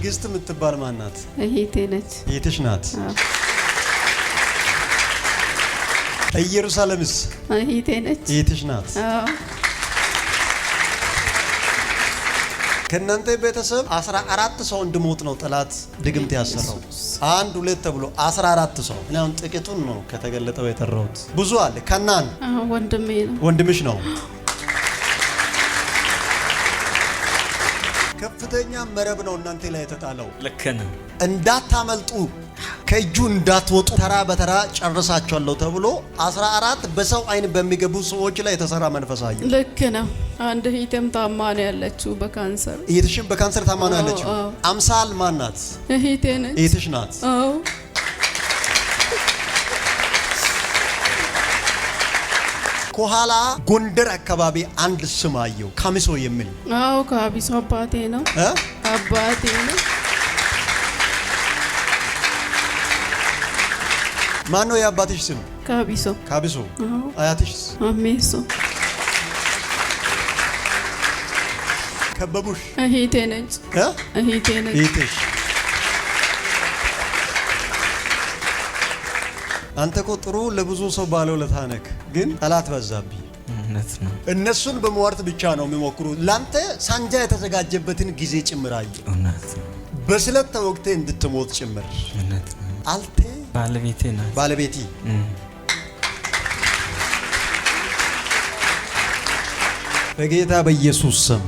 ትዕግስት የምትባል ማናት? እህቴ ነች። እህትሽ ናት። ኢየሩሳሌምስ? እህቴ ነች። እህትሽ ናት። ከእናንተ ቤተሰብ አስራ አራት ሰው እንድሞት ነው ጠላት ድግምት ያሰራው። አንድ ሁለት ተብሎ አስራ አራት ሰው እኔ አሁን ጥቂቱን ነው ከተገለጠው የጠራሁት። ብዙ አለ። ከናን ወንድምሽ ነው ከፍተኛ መረብ ነው እናንተ ላይ የተጣለው። ልክ ነው። እንዳታመልጡ ከእጁ እንዳትወጡ ተራ በተራ ጨርሳቸዋለሁ ተብሎ 14 በሰው አይን በሚገቡ ሰዎች ላይ የተሰራ መንፈሳዊ ልክ ነው። አንድ እህቴም ታማ ነው ያለችው በካንሰር። እህትሽም በካንሰር ታማ ነው ያለችው። አምሳል ማን ናት? ነች። እህትሽ ናት። አዎ ከኋላ ጎንደር አካባቢ አንድ ስም አየው። ካሚሶ የሚል አዎ፣ ካሚሶ አባቴ ነው አባቴ ነው። ማን ነው የአባትሽ ስም? ካቢሶ። ካቢሶ። አያትሽስ? አሜሶ። ከበቡሽ? እህቴ ነች። እህቴ ነች። እህቴሽ አንተ እኮ ጥሩ ለብዙ ሰው ባለውለታ ነህ፣ ግን ጠላት በዛብኝ። እነሱን በመዋርት ብቻ ነው የሚሞክሩ። ለአንተ ሳንጃ የተዘጋጀበትን ጊዜ ጭምር አየሁ። በስለት ተወግቴ እንድትሞት ጭምር አልቴ ባለቤቴ ናት። ባለቤቴ በጌታ በኢየሱስ ስም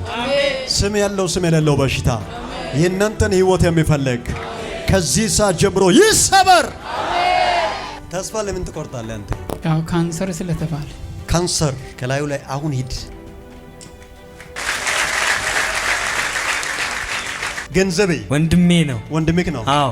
ስም ያለው ስም የሌለው በሽታ የእናንተን ህይወት የሚፈለግ ከዚህ ሰዓት ጀምሮ ይሰበር። ተስፋ ለምን ትቆርጣለህ አንተ? ያው ካንሰር ስለተባለ ካንሰር ከላዩ ላይ አሁን ሂድ። ገንዘቤ ወንድሜ ነው። ወንድሜክ ነው። አዎ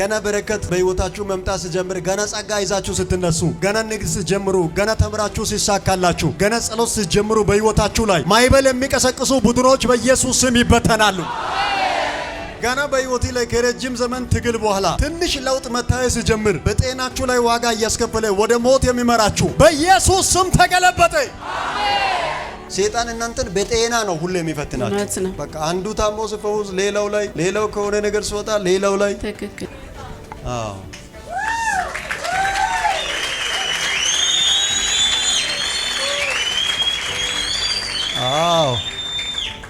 ገና በረከት በህይወታችሁ መምጣት ስጀምር፣ ገና ጸጋ ይዛችሁ ስትነሱ፣ ገና ንግድ ስትጀምሩ፣ ገና ተምራችሁ ሲሳካላችሁ፣ ገና ጸሎት ስትጀምሩ በህይወታችሁ ላይ ማይበል የሚቀሰቅሱ ቡድኖች በኢየሱስ ስም ይበተናሉ። ገና በህይወቴ ላይ ከረጅም ዘመን ትግል በኋላ ትንሽ ለውጥ መታየት ስጀምር! በጤናችሁ ላይ ዋጋ እያስከፈለ ወደ ሞት የሚመራችሁ በኢየሱስ ስም ተገለበጠ። ሴጣን እናንተን በጤና ነው ሁሉ የሚፈትናችሁ። በቃ አንዱ ታሞ ሲፈውስ ሌላው ላይ፣ ሌላው ከሆነ ነገር ሲወጣ ሌላው ላይ። ትክክል። አዎ አዎ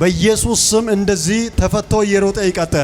በኢየሱስ ስም እንደዚህ ተፈቶ እየሮጠ ይቀጥል።